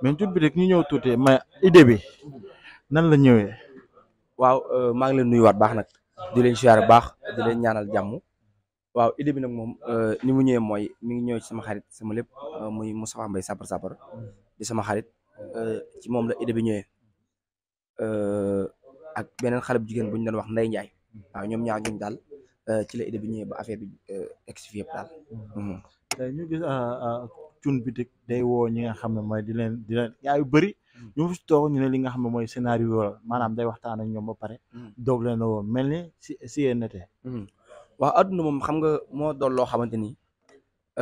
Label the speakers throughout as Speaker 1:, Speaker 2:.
Speaker 1: mais tuut bi rek ñu ñëw tuuti mais idée bi nan la ñëwee.
Speaker 2: waaw euh, maa ngi leen nuyuwaat baax nag di leen siyaar baax di leen ñaanal jàmm waaw idée bi nag moom euh, ni mu ñëwee mooy mi ngi ñëw ci sama xarit sama lépp euh, muy Moustapha Mbaye sapar sapar di sama xarit ci moom la idée bi ñëwee ak beneen xale bu jigéen bu ñu doon wax Ndeye Ndiaye waaw ñoom ñaar ñun daal ci la idée bi ñëwee ba affaire bi egg si fi yëpp daal.
Speaker 1: cun Boutique day mm. woo ñi nga xam ne mooy di leen di leen gaa yu bëri mm. ñu fi toog ñu ne li nga xam ne mooy scénario la maanaam day waxtaan ak ñoom ba pare mm. doog leen woo mel ni si
Speaker 2: si yéen nete waaw adduna moom xam nga moo doon loo xamante ni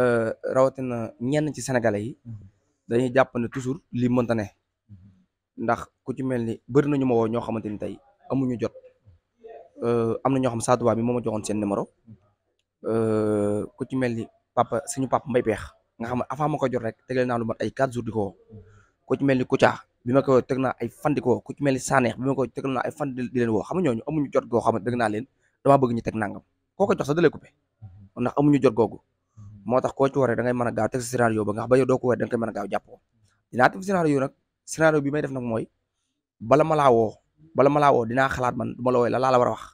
Speaker 2: euh, rawatina ñenn ci sénégalais yi mm-hmm. dañuy jàpp ne toujours li montane mm-hmm. ndax ku ci mel ni bëri nañu ma woo ñoo xamante ni tey amuñu jot euh, am na ñoo xam Sadou Ba bi moo ma joxoon seen numéro mm-hmm. euh, ku ci mel ni papa suñu papa Mbaye Peex nga xam ne avant ma ko jot rek tegal naa lu mat ay 4 jours di ko woo ku mel ni Kouthia bi ma ko teg ay fan di ko woo ku ci mel ni Sanex bi ma ko tegal ay fan di xam nga ñooñu jot goo xam ne dëgg ñu teg nangam ko jox sax dalee coupé mhm. amuñu jot googu mhm. moo tax koo ci war da ngay mën a gaaw teg sa ba nga xam ba yow doo ko war da nga koy mën a bi may def nag mooy bala malaa laa woo bala ma woo dinaa xalaat man du ma la wooye la laa la war a wax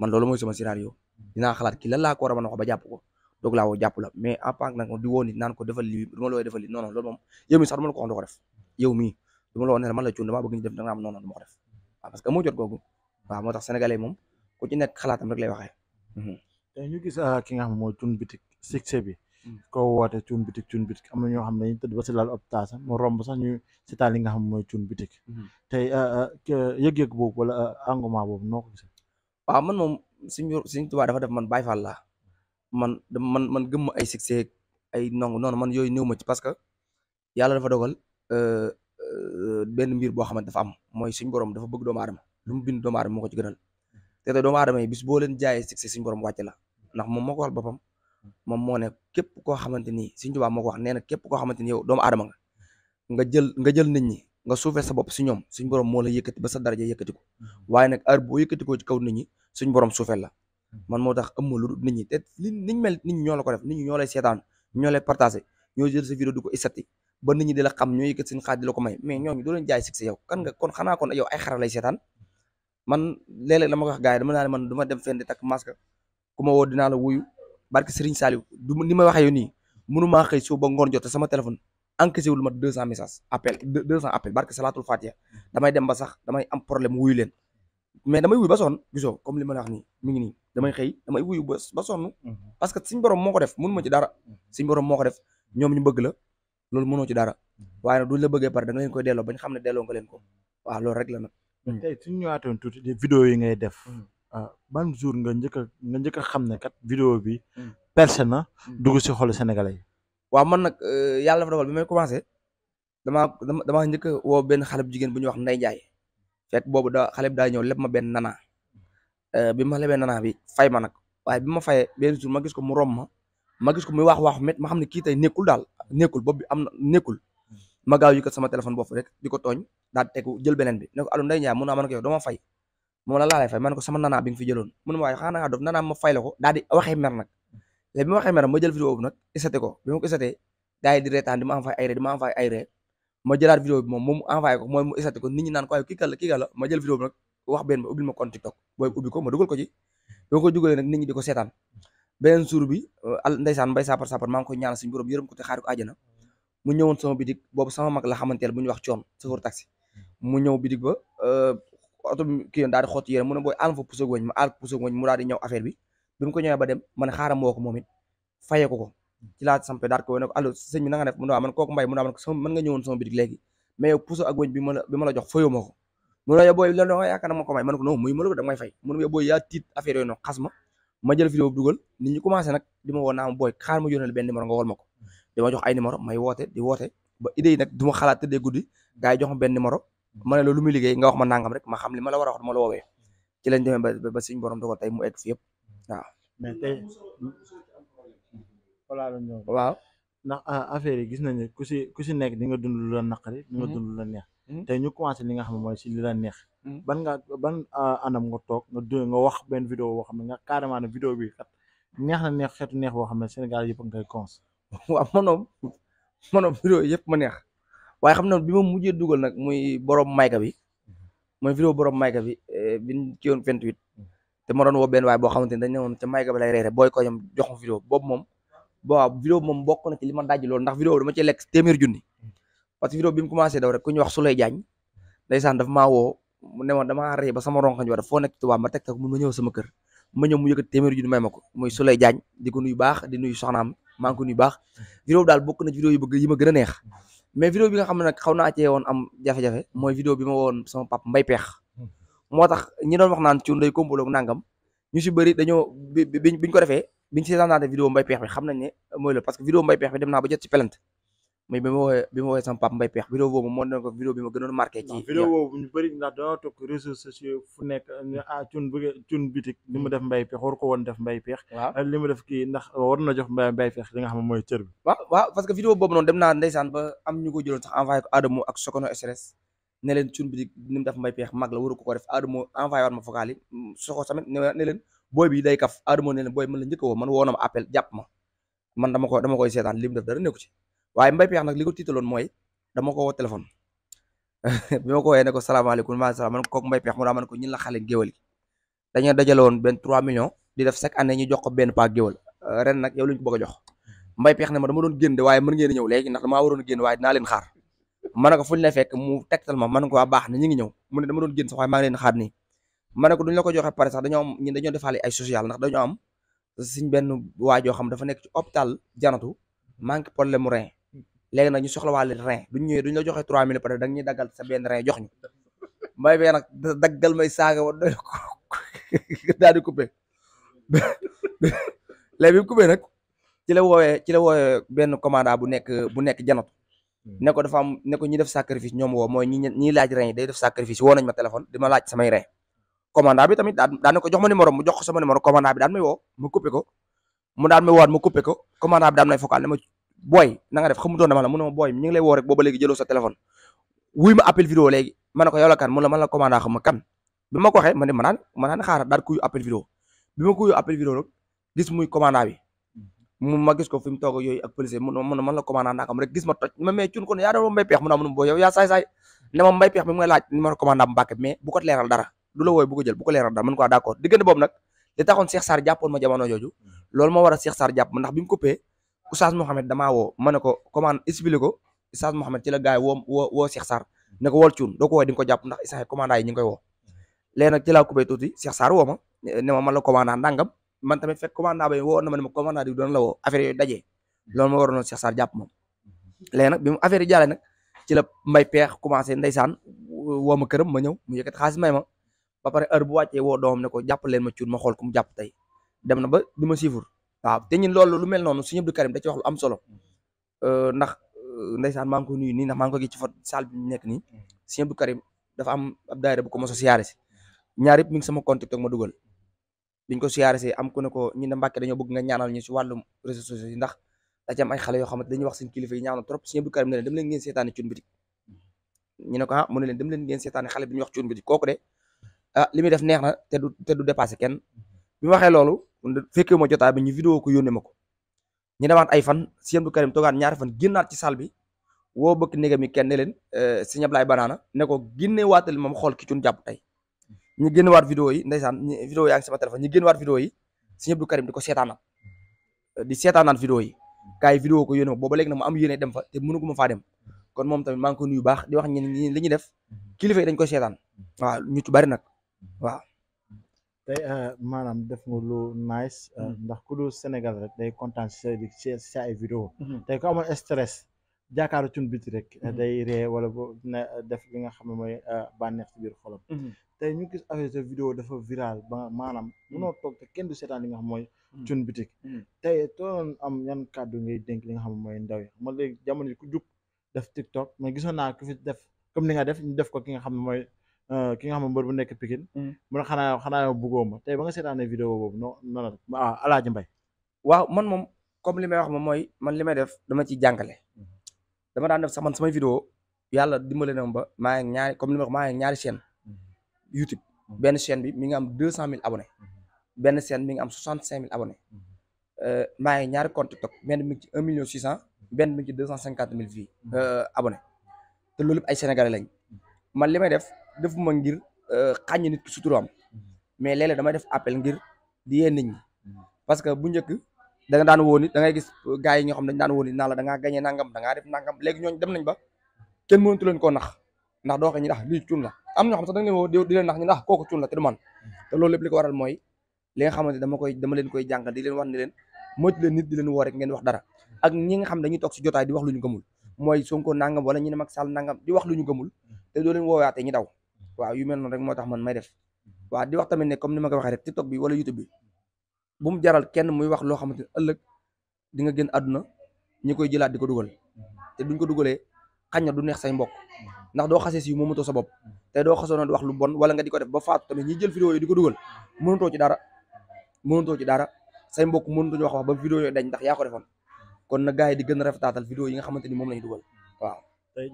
Speaker 2: man loolu mooy sama scénario mhm. dinaa xalaat ki lan laa ko war a mën wax ba jàpp ko doog laa woo jàpp la mais en tant que nag di woo naan ko defal lii du ma defal lii non loolu moom yow sax du ma la ko wax du ko def yow ma la cuun damaa bëgg ñu da nga am non non ko def waaw moom ku ci nekk xalaatam rek lay waxee
Speaker 3: mhm.
Speaker 1: ah, ki nga xam mooy Thioune Boutique succès mm. ko woote Thioune Boutique Thioune Boutique na ñoo xam ne dañuy li nga xam mooy Thioune Boutique mhm.
Speaker 2: tey ah, ah, yëg-yëg boobu wala engouement boobu noo ko gisee waaw man moom suñu suñu tubaab dafa def man Baye Fall laa man man man gëm ma ay succès ay nangu noonu man yooyu néew ma ci parce que yàlla dafa dogal euh, euh, benn mbir boo xamante dafa am mooy suñ borom dafa bëgg doomu aadama lu mu bind doomu aadama moo ko ci gënal te te doomu aadama yi bis boo leen jaayee succès suñ borom wàcc la ndax moom moo ko wax boppam moom moo ne képp koo xamante ni suñ tubaab moo ko wax nee na képp koo xamante ni yow doomu aadama nga nga jël nga jël nit ñi nga suufee sa bopp si ñoom suñ borom moo la yëkkati ba sa daraja yëkkati ko mm-hmm. waaye nag heure boo yëkkati ko ci kaw nit ñi suñ borom suufeel la man moo tax ëmma lu nit ñi te li niñ mel nit ñi ñoo la ko def nit ñi ñoo lay seetaan ñoo lay partagé ñoo jël sa vidéo di ko istati ba nit ñi di la xam ñoo yëkkat seen xaaj di la ko may mais ñooñu doo leen jaay succès yow kan nga kon xanaa kon yow ay xara seetaan man léeg-léeg la ma ko wax gars yi dama naa ne man du ma dem fenn di takk masque ku ma woo dinaa la wuyu barke Serigne Saliou ni may waxee yow nii mënumaa xëy soo ba ngoon jot sama téléphone encaissé wul ma 200 messages appel 200 appel barke Salatul damay dem ba sax damay am problème wuyu leen mais damay wuy ba sonn gisoo comme li ma la wax nii mu ngi nii damay xëy damay wuyu ba ba mhm. parce que suñ borom moo ko def mënu ma ci dara. Mhm. suñ borom moo ko def ñoom ñu bëgg la loolu mënoo ci dara mhm. waaye nag la bëggee pare da nga leen koy delloo bañ xam ne delloo nga leen ko waaw loolu rek la nag.
Speaker 1: Mm. tey suñu ñëwaatoon tuuti di vidéo yi ngay def. Mm. Ah, ban
Speaker 2: jour nga njëkk nga njëkk a xam ne kat video bi. Mm. perce na dugg si xolu Sénégalais yi. waaw man nag euh, yàlla dafa dogal bi may commencé damaa damaa njëkk woo benn xale bu jigéen bu ñuy wax Ndeye fekk boobu da xale bi daa ñëw lépp ma benn nana euh, bi ma lebee nana bi fay ma nag waaye bi ma fayee benn jour ma gis ko mu rom ma ma gis ko muy wax wax met ma xam ne kii tey nekkul daal nekkul bopp bi am na nekkul ma gaaw yi kat sama téléphone bopp rek di ko tooñ daal tegu jël beneen bi ne ko Alioune Ndeye Ndiaye mun ma ne ko la ko sama nana bi nga fi jëloon mun ma waaye xanaa dof nana ma ko daal di waxee mer nag léegi bi ma waxee mer ma jël vidéo boobu nag isate ko bi ma ko isatee gars yi di reetaan di ma envoyé ay ree di ma envoyé ay ree ma jëlaat vidéo bi moom moom mu envoyé ko mooy mu isati ko nit ñi naan ko waaye kii kala kii kala ma jël vidéo bi ma ko ma ñi di ko seetaan beneen suur bi euh, al ndeysaan mbay sapar sapar maa ngi ko ñaan suñu borom yërëm ko te xaari ko àjjana mu ñëwoon boobu sama mag la xamanteel bu ñuy wax coon chauffeur taxi mu ñëw bitig ba euh, oto bi kii yoon daal di mu ne booy àll fa ma àll pousse goñ mu daal di ñëw affaire bi bi mu ko ñëwee ba dem man xaaram woo ko moom it fayee ko ko ci laa sampé daat ko ne ko allo sëñ bi na nga def mu ne waaw man kooku mbay mu ne man nga ñëwoon sama bitik léegi mais puso ak wëñ bi ma la bi ma la jox fayoo ma ko mu la doo ma ko ma la ko ma la war a wax ma la woowee ci lañ demee ba ba suñ borom tey mu egg fi yëpp waaw laa doon ñëw waaw
Speaker 1: ndax ah, affaire yi gis nañu ku ku si nekk ni nga dund lu la naqari di nga mhm. dund lu la neex mhm. te ñu commencé li nga xam ne mooy si li la neex mhm. ban nga ban ah, anam nga toog nga d nga wax benn vidéo boo xam ne nga carrément ne bi kat neex na neex neex boo xam ne Sénégal yëpp nga koy cons
Speaker 2: waaw manoom manoom yëpp ma neex waaye xam na bi ma mujjee dugal nag muy borom mayka bi mooy vidéo borom mayka bi eh, biñ ci yoon vingt-huit te ma doon woo benn waaye boo xamante ne dañ bi lay reere boo ko ñoom jox ma vidéo boobu moom waaw vidéo moom bokk na ci li ma daj loolu ndax vidéo dama ci lekk téeméer junni parce que vidéo bi mu commencé daw rek ku ñu wax Souley Diagne ndeysaan daf maa woo mu ne ma dama rëy ba sama rongañ war foo nekk ci tubaab ma teg ko mu ma ñëw ko muy Souley Diagne di ko nuyu baax di nuyu soxnaam maa ngi ko nuyu baax vidéo daal bokk na ci vidéo bëgg yi ma gën a neex mais vidéo bi nga xam ne nag xaw naa cee woon am jafe mooy vidéo bi ma woon sama pap mbay peex moo tax ñi doon wax naan ci ndey kompaloog nangam ñu si bëri dañoo bi biñ ko defee biñ seetaanaatee vidéo mbay peex bi xam nañ ne mooy la parce que vidéo mbay peex bi dem naa ba jot ci pelante mais bi boobu woon
Speaker 1: def mbay peex waaw li mu def ndax war na jox mbay nga xam mooy cër bi waaw
Speaker 2: waaw parce que vidéo boobu noonu dem naa ndeysaan ba am ñu ko jëloon sax envoyé ko Adamo ak ne leen cun bitik ni mu def mbay peex mag la waru ko ko soxoo tamit ne leen booy bi day kaf Adamo ne leen booy man la njëkk woo man woo na ma appel jàpp ma man dama ko dama koy seetaan li mu def dara nekku ci waaye mbay peex nag li ko tiitaloon mooy dama ma ko woowee ne ko salaamaaleykum maa man kooku mbay peex mu daa ko la xale géwal gi dañoo woon benn 3 millions di def chaque année ñu jox ko benn paak géwal euh, ren nag yow lañ ko bëgg a jox mbay peex ne ma dama doon génn de waaye mën ngeen a ñëw léegi ndax damaa waroon a génn waaye dinaa leen xaar ma ko fuñ la fekk mu tegtal ma man ko waa baax na ñu ngi ñëw mu ne dama doon génn sax waaye maa ma ne ko duñ la ko joxe pare sax dañoo am ñun dañoo defaale ay social ndax dañoo am suñ benn waa joo xam dafa nekk ci hôpital janatu manque problème mu rein léegi nag ñu soxlawaale rein duñ ñëwee duñ la joxe 3000 pare dañ ñuy daggal sa benn rein jox ñu mbay bee nag daggal may saaga daal di coupé léegi bi mu coupé la woowee ci la woowee benn commandant bu nekk bu nekk janatu hmm. ne ko dafa am ne ko ñi def sacrifice ñi laaj rein yi day def sacrifice woo nañ ma téléphone di ma laaj samay rein commandant bi tamit daan daan na ko jox ma numéro mu jox ko sama numéro commandant bi daan may woo ma coupé ko mu daan may woowaat ma coupé ko commandant bi daan may focal ne ma na nga def xamutoon la mu ne ma ko yow la kan mu la ma ko waxee ma ne ma naan ma naan xaaral daal kuy appel vidéo bi ma kuy appel vidéo rek gis muy commandant bi ma gis ko fi toog yooyu ak policier mu ne man la commandant naa rek gis ma toj ma mais cun ko ne yaa mbay peex mu ne mu ne ma booy yow ko leeral dara du la wooy bu ko jël bu ko leeral daal man quoi d' accord diggante boobu nag li taxoon Cheikh Sarr jàppoon ma jamono jooju loolu moo war a Cheikh Sarr jàpp ma ndax bi mu ma ne ko commande expliqué ko Oustaz Mouhamed ci la gars yi woo woo woo Cheikh Sarr ne ko wol cuun doo ko wooy di nag ci laa coupé tuuti Cheikh Sarr woo ma ne ma man la man tamit fekk commandant ba woo na ma ne ma commandant di doon la woo affaire yooyu dajee loolu moo waroon Cheikh Sarr jàpp moom léegi nag bi mu affaire yi ci la mbay peex commencé ndeysaan woo ma këram ma ñëw mu yëkkat xaalis ma ba pare heure bu wàccee woo doomam ne ko jàppaleen ma cuun ma xool ku mu jàpp tey dem na ba di ma siifur waaw te ñun loolu lu mel noonu Serigne Abdou Karim da ci wax am solo euh, ndax euh, ndeysaan maa ngi ko nuyu nii ndax maa ngi ko gis nekk nii Serigne Abdou Karim dafa am ab daayira bu ko mos a siyaare si ñaar yëpp mi ngi sama contact ak dugal biñ ko siyaare si am ku ne ko ñu ne si wàllum réseaux sociaux yi ndax da ci am ay xale yoo xamante dañuy wax seen kilifa yi ne ko ah mu ne leen dem leen ngeen seetaani xale bi ñu wax cuun bitik kooku de ah li muy def neex na te du te du dépassé kenn bi waxee loolu fekkee ma jotaay bi ñu vidéo ko yónnee ma ko ñu demaat ay fan sëñ Abdou Karim toogaat ñaari fan génnaat ci salle bi woo bëkk néegam yi kenn ne leen eh, sëñ Ablaye Banaana ne ko génne waatal moom xool ki cun jàpp tey ñu génn waat vidéo yi ndeysaan vidéo yaa ngi sama téléphone ñu génne waat sëñ Abdou Karim di ko seetaanaat di seetaan seetaanaat vidéo yi kaay vidéo ko yónnee ma boobu léegi na mu am yéene dem fa te mënu ma faa dem kon moom tamit maa ngi ko nuyu baax di wax ñi li ñuy def kilifa yi dañ ko seetaan waaw ñu tu bari nag waaw
Speaker 1: tey euh, maanaam def nga lu nice euh, mm-hmm. ndax ku dul Sénégal rek day kontaan si sa ay vidéo mm-hmm. te ku amoon stress jaakaaru cun biti rek mm-hmm. day ree wala bo na def li nga xam ne mooy euh, bànneex ci biir xolam te ñu gis affaire sa vidéo dafa viral ba maanaam munoo toog te ken du seetaan li nga xam mooy cun bitik te toonoon am yan kàddu ngay dénk li nga xam ne mooy ndaw yi ma léegi jamono ku jug def TikTok mais gisoon naa ku fi def comme ni nga def ñu def ko ki nga xam ne mooy Euh, ki nga xam ne mbër bu nekk Pikine mm. xanaa xanaa yow bëggoo ma tey ba nga seetaanee vidéo
Speaker 2: boobu non non ah Alaaji Mbay waaw man moom comme li may wax moom mooy man li may def dama ciy jàngale mm-hmm. dama daan def sax man samay vidéo yàlla dimbale na ba maa ñaari comme li ma wax mm-hmm. YouTube mm-hmm. benn chaîne bi mi ngi am deux cent mille abonnés benn chaîne mi ngi am soixante cinq mille abonnés euh, maa ngi ñaari compte TikTok benn mi ngi ci un million cent benn mi ngi ci deux cent cinquante euh, te loolu ay sénégalais lañ man li def defuma ngir euh, xàññ nit ki suturaam mm-hmm. mais léeg dama def appel ngir di yee nit ñi mm-hmm. parce que bu njëkk da nga daan woo nit da gis gars yi nga xam dañ daan woo nit la da ngaa gañee nangam da ngaa def ñooñu dem nañ ba kenn mënatu leen koo nax ndax doo xee ñi dax ah, lii am ñoo xam sax da woo di leen nax ndax ah, kooku cuun la te du man mm-hmm. te loolu lépp li ko waral koy dama leen koy jàngal di leen wax leen moytu di leen woo rek ngeen wax dara ak nga xam dañuy toog si jotaay di wax lu ñu gëmul mooy Sonko nangam wala ñi ne mag Sall nangam di wax lu ñu gamul te doo leen woowaatee ñi daw waaw yu mel noonu rek moo tax man may def mhm. waaw di wax tamit ne comme ni ma ko waxee rek TikTok bi wala YouTube bi bu mu jaral kenn muy wax loo xamante ne ëllëg di nga gën àdduna ñi koy jëlaat di ko dugal mhm. te duñ ko dugalee xañ na du neex say mbokk mhm. ndax doo xasee si moomatoo sa bopp te doo xasoo na di wax lu bon wala nga di ko def ba faatu tamit ñi jël vidéo yi di ko dugal mënutoo ci dara mënutoo ci dara say mbokk mënutuñu wax wax ba vidéo yooyu dañ ndax yaa ko defoon kon na gën a rafetaatal vidéo yi nga xamante ni moom lañu dugal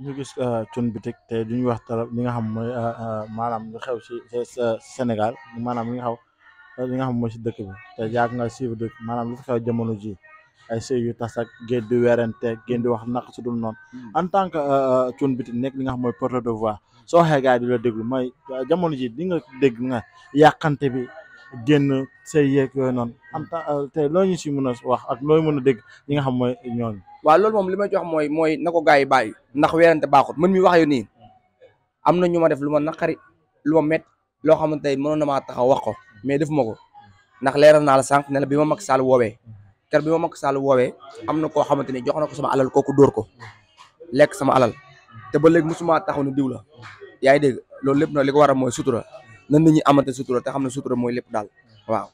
Speaker 2: ñu gis
Speaker 1: euh, Thioune Boutique te du duñu wax talab li nga xam mooy euh, euh, maanaam lu xew si Sénégal maanaam li nga xaw li nga xam mooy si dëkk bi te yàgg nga suivre dëkk maanaam lu fi xew jamono ji ay sëy yu tas ak génn di werante génn di wax naq si dul noonu hmm. en tant que Thioune Boutique nekk li nga xam mooy porte de voix soo waxee gars di la déglu mooy jamono ji di nga dégg nga yàqante bi génn say
Speaker 2: yeeg yooyu noonu am hmm. ta euh, tey loo ñu si mën a wax ak looy mën a dégg ñi nga xam mooy ñooñu waa loolu moom li ma jox mooy mooy na ko gars yi bàyyi ndax weerante baaxut man mi wax yu nii hmm. am na ñu ma def lu ma naqari lu ma mett loo xamante ne mënoon na maa taxaw wax ko mais defuma ko hmm. ndax leeral naa la sànq la bi ma Macky Sall woowee kër bi ma Macky Sall woowee am na koo xamante ne jox na ko sama alal kooku dóor ko lekk sama alal te ba léegi musuma taxaw na diw la yaa loolu lépp nag li ko waral mooy nan la ñuy amate sutura te xam ne sutura mooy lépp daal waaw.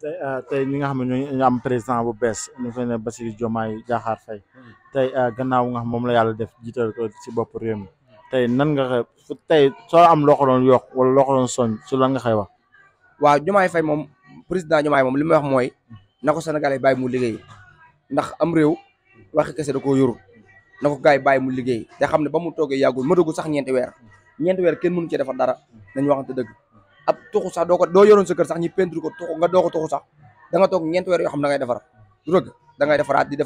Speaker 1: tey euh, tey nga xam ne ñoo am président bu bees ñu fay ne Bassirou Diomaye Diakhar Faye tey euh, gannaaw nga xam moom la yàlla def jiital ko bopp réew tey nan nga
Speaker 2: tey soo am loo ko doon yokk wala loo ko doon soñ su lan nga xay wax. waaw Diomaye Faye moom président Diomaye moom li may wax mooy na ko Sénégalais baay mu liggéey ndax am réew wax kese da koo yorul na ko gars yi mu liggéey te xam ne ba mu toogee yàggul gu sax ñeenti weer ñeenti weer kenn mënu ci defar dara nañu waxante dëgg ab tuxu sax doo ko doo yoroon sa kër sax ñu peinture ko tuxu nga doo ko tuxu sax da nga toog ñeenti weer yoo xam da ngay defar du dëgg da ngay defaraat di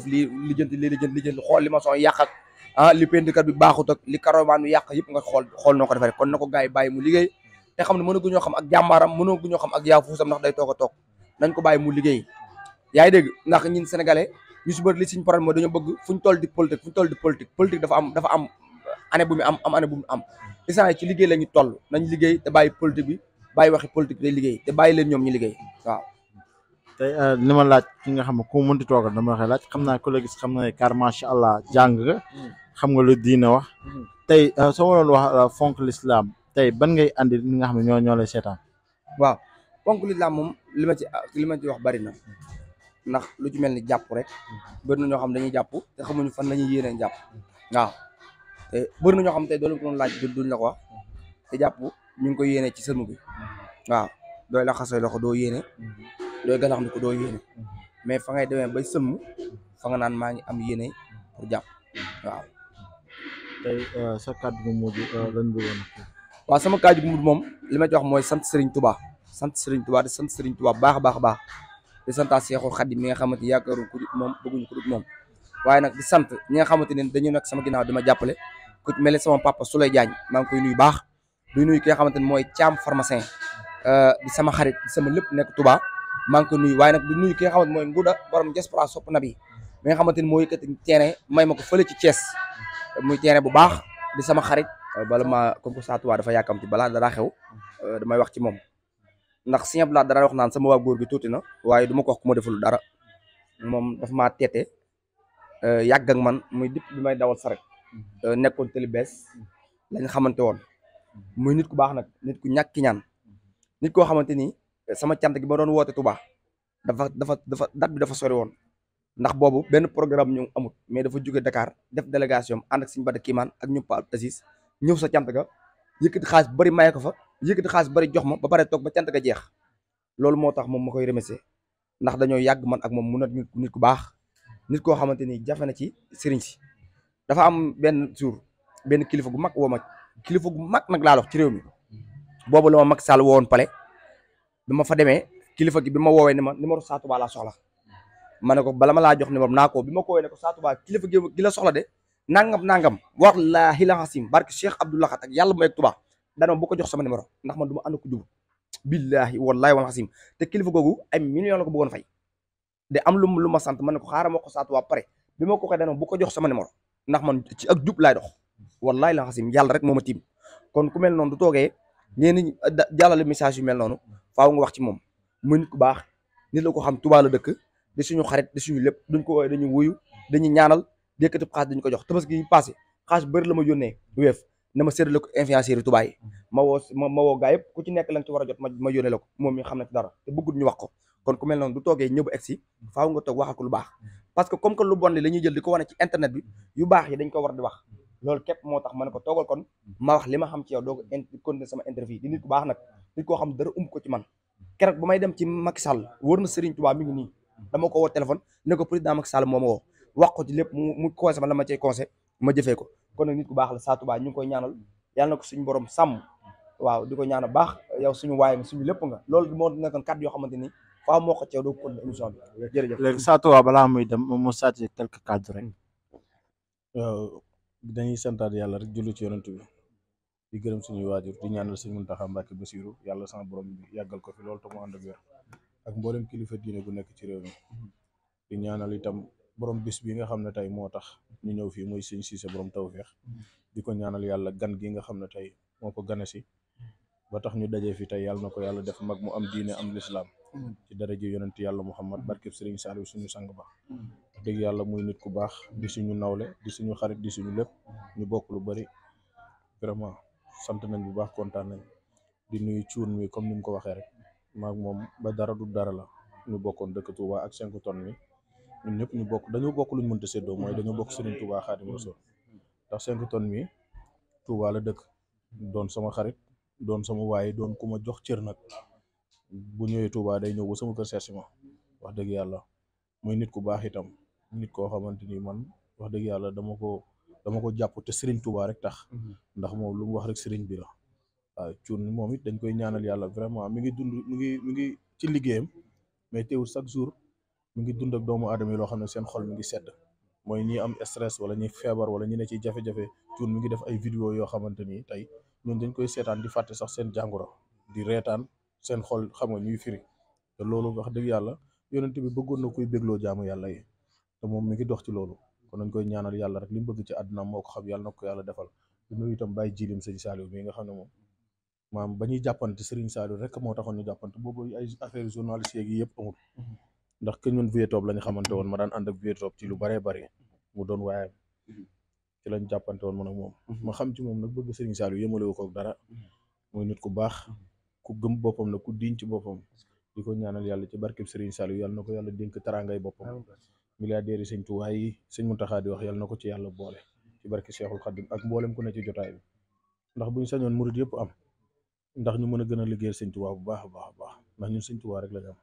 Speaker 2: xool li maçon yàq ak ah li peinture bi baaxut ak li karomaan bi yàq yëpp nga xool xool na ko mu liggéey te xam ak jàmbaaram mëna day toog a toog nañ ko bàyyi mu liggéey yaa ngi dégg ndax ñun ñu si li suñu problème mooy dañoo bëgg fuñ toll di politique fuñ toll di politique politique dafa am année bu mu am am année bu mu am instant yi ci liggéey la ñu toll nañ liggéey te bàyyi politique bi bàyyi waxi politique day liggéey te bàyyi leen ñoom ñu liggéey waaw
Speaker 1: tey euh, li ma laaj ki nga xam ne ku mënti toogal dama waxee laaj xam naa ku la gis xam na car macha allah jàng nga mm-hmm. xam nga lu diina wax mm-hmm. tey euh, soo waroon wax euh, fonk lislaam tey ban ngay andi ni nga xam ne ñoo ñoo lay seetaan
Speaker 2: waaw fonk lislaam moom li ma ci li ma ci wax bari na ndax lu ci mel ni jàpp rek mm-hmm. bëri na ñoo xam dañuy jàpp te xamuñu fan la ñuy yéeneen jàpp waaw te bëri na ñoo xam te doo leen ko doon laaj duñ la ko wax jàpp ñu ngi koy yéene ci sëlmu bi waaw dooy la loxo doo yéene dooy galax ndiko doo yéene mais fa ngay demee bay sëlmu fa nga naan maa ngi am yenee pour jàpp waaw tey euh, sa kàddu gu mujj euh, lan sama kàddu gu moom li ma ci wax mooy sant Serigne Touba sant Serigne Touba di sant Serigne Touba baax baax a baax di santaa Seexul Xadim mi nga xamante yaakaaru ku dul moom ku dul moom waaye nag di sant ñi nga xamante ne dañu nekk sama ginnaaw dama jàppale ku mel ne sama papa Souley Diagne maa ngi koy nuyu baax di nuyu ki nga xamante ne mooy caam pharmacien euh, di sama xarit di sama lépp nekk tubaa maa ngi koy nuyu waaye nag di nuyu ki nga xamante mooy Ngouda borom diaspora sopp na bi mi nga xamante ni moo yëkkati may ma ko fële ci cees muy terrain bu baax di sama xarit euh, bala ma comme que saa Touba dafa yàkkamti balaa dara xew euh, damay wax ci moom ndax Sëñ Abdou Lahad dara wax naan sama waa góor gi tuuti na waaye du ma ko wax ku ma deful dara moom dafa maa teete yàgg man muy dip may dawal saret Euh, nekkoon tëli bees lañ xamante woon muy nit ku baax nag nit ku ñàkki ñaan nit koo xamante ni euh, sama cant gi ma doon woote Touba dafa dafa dafa date bi dafa sori woon ndax boobu benn programme ñu amut mais dafa jóge Dakar def délégation am ànd ak suñu bada kiimaan ak ñu Pape ñëw sa cant ga yëkkati xaalis bari maye ko fa yëkkati xaalis bari jox ma ba pare toog ba cant ga jeex loolu moo tax moom ma koy remercier ndax dañoo yàgg man ak moom mu nat nit ku baax nit koo xamante ni jafe na ci sëriñ si dafa am benn jour benn kilifa gu mag woo ma kilifa gu mag nag laa dox ci réew la mag Macky Sall woowoon pale bi ma fa demee kilifa gi bi ma woowee ne ma numéro Saatuba laa soxla ma ne ko bala ma laa jox numéro naa ko bi ma ko woowee ne ko Saatuba kilifa gi la soxla de nangam nangam wallaahi la xasim barke Cheikh Abdou Lahat ak yàlla mooy Tuubaa dana bu ko jox sama numéro ndax man du ma ànd ko jublu billaahi wallaahi wal xasim te kilifa googu ay million la ko bëggoon fay de am lu lu ma sant ma ne ko xaaral ma ko Saatuba bi ma ko bu ko jox sama numéro. ndax man ci ak jub laay dox wallahi la xasim yàlla rek moom ma tiim kon ku mel noonu du toogee ñeen ñi jàllale message yu mel noonu faaw nga wax ci moom muy nit ku baax nit la ko xam Tuubaa la dëkk di suñu xarit di suñu lépp duñ ko wooye dañu wuyu dañuy ñaanal dékkatib xaas dañ ko jox tabaski gi passé xaas bëri la ma yónnee weef na ma séddale ko influenceur yi Tuubaa ma woo ma woo gaa yëpp ku ci nekk la nga ci war a jot ma ma yónnee la ko moom mi xam na dara te bëggul ñu wax ko kon ku mel noonu du toogee ñëw ba egsi faaw nga toog waxal ko lu baax parce que comme que lu bon li la ñuy jël di ko wane ci internet bi yu baax yi dañ ko war di wax loolu képp moo tax ma ne ko toogal kon ma wax li ma xam ci yow doo ko continuer sama interview di nit xam dara umb ko ci man keroog ba may dem ci Macky Sall wër na Serigne nii dama ko téléphone ne ko président Macky Sall moo ma woo wax ko ci lépp mu mu conseil ma la ma cay conseil ma jëfee ko kon nag nit ku baax la Sa Touba ñu koy ñaanal yàlla na ko suñu borom sàmm waaw di ko ñaanal baax yow suñu waay suñu lépp nga loolu moo nekkoon kàddu yoo xamante faaw moo ko teewlu kon émission jërëjëf. léegi
Speaker 1: Satou Wa balaa muy dem mu sàcc quelque cadre rek.
Speaker 3: Euh, dañuy santaat yàlla rek jullu ci yonent bi di gërëm suñuy waajur di ñaanal suñu Muntaxa Mbàkke siiru yàlla sama borom bi yàggal ko fi loolu te mu ànd ak wér ak mboolem kilifa diine gu nekk ci réew mi di ñaanal itam borom bis bi nga xam ne tey moo tax ñu ñëw fii muy sëñ Siise taw tawféex di ko ñaanal yàlla gan gi nga xam ne tey moo ko gane si ba tax ñu dajee fi tey yàlla na ko yàlla def mag mu am diine am lislaam ci daraje yonent yàlla muhammad barkeb sëriñ Saliou suñu sang ba dëgg yàlla muy nit ku baax di suñu nawle di suñu xarit di suñu lépp ñu bokk lu bari vraiment sant nañ bu baax kontaan nañ di nuyu cuun mi comme ni mu ko waxee rek maag moom ba dara du dara la ñu bokkoon dëkk Touba ak cinq tonnes mi ñun ñëpp ñu bokk dañoo bokk luñ mënta séddoo mooy dañoo bokk Serigne Touba Xaadimu Rasuul ndax cinq tonnes mi Touba la dëkk doon sama xarit doon sama waay doon ku ma jox cër nag bu ñëwee Touba day ñëw ba sama kër seet si ma wax dëgg yàlla muy nit ku baax itam nit koo xamante ni man wax dëgg yàlla dama ko dama ko jàpp te Serigne Touba rek tax mhm. ndax moom lu mu wax rek Serigne bi la waaw cuun moom it dañ koy ñaanal yàlla vraiment mi ngi dund mi ngi mi ngi ci liggéeyam mais teewul chaque jour mi ngi dund ak doomu aadama yi loo xam ne seen xol mi ngi sedd mooy ñi am stress wala ñi feebar wala ñi ne ci jafe-jafe cuun ngi def ay vidéo yoo xamante ni tey ñun dañ koy seetaan di fàtte sax seen jàngoro di reetaan seen xol xam nga ñuy firi te loolu wax dëgg yàlla yonent bi bëggoon na koy bégloo jaamu yàlla yi te moom mi ngi dox ci loolu kon dañ koy ñaanal yàlla rek li mu bëgg ci àdduna moo xam yàlla na ko yàlla defal di nuyu itam bàyyi jilim sëñ Saliou nga xam ne moom maam ba ñuy jàppante Serigne Saliou rek moo taxoon ñu jàppante boobu ay affaire journaliste yeeg yëpp amul mm-hmm. ndax que ñun Vieux Top la ñu xamante woon ma daan ànd ak Vieux ci lu baree bari mu doon waayam mm-hmm. ci lañ jàppante woon man ak moom mhm. ma xam ci moom nag bëgg Serigne Saliou yëmalewu ko dara mhm. muy nit ku baax mhm. ku gëm boppam la ku diñ ci boppam di ko ñaanal yàlla ci barkeb Serigne Saliou yàlla na ko yàlla dénk taraangay boppam ah, milliardaires yi sëñ Tuubaa yi sëñ Muntaxaa di wax yàlla na ko ci yàlla boole ci barke Seexul Xaddim ak mboolem ku ne ci jotaay bi ndax bu ñu sañoon murit yëpp am ndax ñu mën a gën a liggéey sëñ Tuubaa bu baax a baax a baax ndax ñu sëñ Tuubaa rek lañu am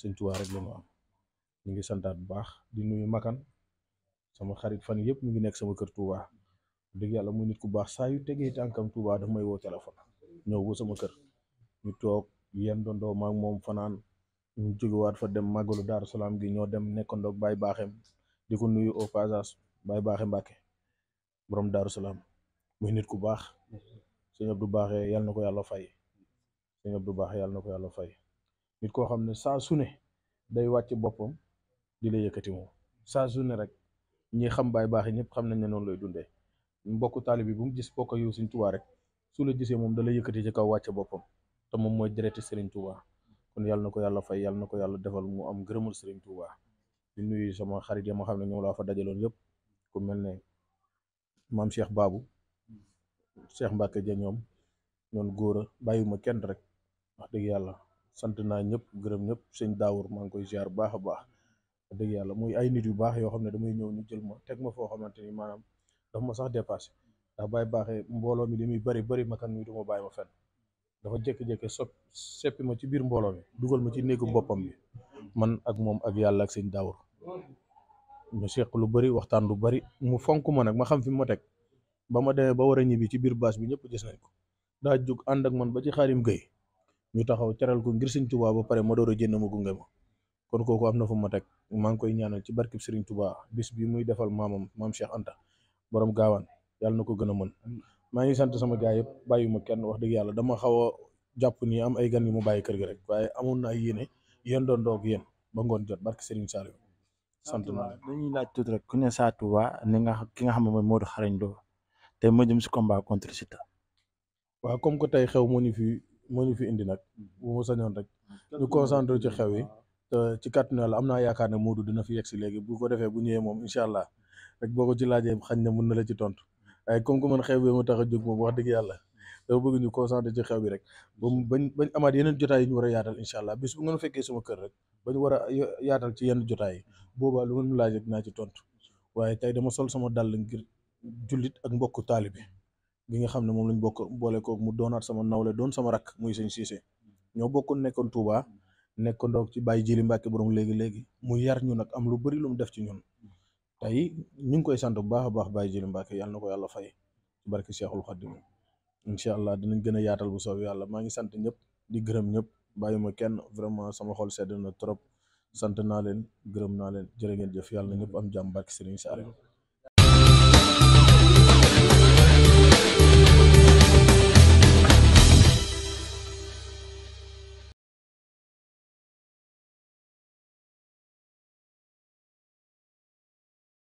Speaker 3: sëñ Tuubaa rek lañu ñu ngi santaat bu baax sama xarit fan yëpp mu ngi nekk sama kër Touba dëgg yàlla muy nit ku baax saa yu tegee tànkam Touba daf may woo téléphone ñëw ba sama kër ñu toog yéen dondoo ma moom fanaan ñu jógewaat fa dem màggalu Daaru Salaam gi ñoo dem nekkandoo ak Baye Baaxem di ko nuyu au baay Baye Baaxem Mbàkke borom Daaru muy nit ku baax sëñ Abdou Baaxee yàlla na ko yàlla fay sëñ Abdou Baaxee yàlla na ko yàlla fay nit koo xam ne saa sune day wàcc boppam di la yëkkati moom saa su rek. ñi xam baay baax yi ñëpp xam nañ ne noonu lay dundee mbokku taalibe bi bu mu gis bokk yow Sëriñ Tuubaa rek su la gisee moom dalay lay yëkkati ci kaw wàcce boppam te moom mooy dereti Sëriñ Tuubaa kon yàlla na ko yàlla fay yàlla na ko yàlla defal mu am gërëmul Sëriñ Tuubaa di nuyu sama xarit yi ma xam ne ñoom laa fa dajaloon yëpp ku mel ne maam Cheikh Babou Cheikh Mbacke ja ñoom ñoon góor a bàyyiwuma kenn rek wax dëgg yàlla sant naa ñëpp gërëm ñëpp sëñ Daawur maa ngi koy ziar baax a baax dégg yàlla muy ay nit yu baax yoo xam ne damay ñëw ñu jël ma teg ma foo xamante ni maanaam dafa ma sax dépassé ndax bàyyi baaxee mbooloo mi li muy bari bari makan mi du ma bàyyi ma fenn dafa jékki-jékki seppi ma ci biir mbooloo mi dugal ma ci néegu boppam bi man ak moom ak yàlla ak sëñ daawur ñu seq lu bari waxtaan lu bari mu fonk ma nag ma xam fi ma teg ba ma demee ba war a ñibbi ci biir baas bi ñëpp gis nañ ko daa jóg ànd ak man ba ci xaarim gay ñu taxaw teral ko ngir sëñ Tuubaa ba pare ma door a jënd ma gunge ma kon kooku am na fu ma teg maa ngi koy ñaanal ci barkib Serigne Touba bis bi muy defal maamam maam seex Anta boroom gaawaan yàlla na ko gën a mën maa ngi sant sama gaay yëpp ma kenn wax dëgg yàlla dama xaw jàpp ni am ay gan yu mu bàyyi kër gi rek waaye amoon na ay yéene yéen doon doog yéen ba ngoon jot barke Serigne Saliou sant naa leen dañuy laaj rek ku ne Sa
Speaker 1: Touba ni nga ki nga xam ne mooy Modou Xarañ doo te ma jëm si combat contre Siteu.
Speaker 3: waaw comme que tey xew moo ñu fi moo ñu fi indi nag bu ma rek ñu concentré ci xew yi. Euh, ci kàttanu yàlla am na yaakaar ne du dina fi yegg si léegi bu ko defee bu ñëwee moom incha allah rek boo ko ci laajee xañ ne mun na la ci tontu waaye comme que man xew bi tax a jóg moom wax dëgg yàlla dafa bëgg ñu concentré xew bi rek ba bañ bañ amaat yeneen jotaay yi ñu war a yaatal incha allah bis bu ngeen fekkee sama kër rek ba ñu war a yaatal ci yenn jotaay yi boobaa lu ngeen laajee dinaa ci tontu waaye tey dama sol sama dàll ngir jullit ak mbokku taalibe bi nga xam ne moom lañ bokk boole ko mu doonaat sama nawle doon sama rakk muy sëñ Cissé ñoo bokkoon nekkoon Touba nekkandoog ci Baye Jili Mbàkke borom léegi léegi mu yar ñu nag am lu bari lu mu def ci ñun tey ñu ngi koy sant bu baax a baax Baye Jili Mbàkke yàlla na ko yàlla fay ci barke Cheikhul Khadim incha allah dinañ gën a yaatal bu soob yàlla maa ngi sant ñëpp di gërëm ñëpp bàyyi ma kenn vraiment sama xol sedd na trop sant naa leen gërëm naa leen jërë ngeen jëf yàlla na ñëpp am jàmm barke Serigne Saliou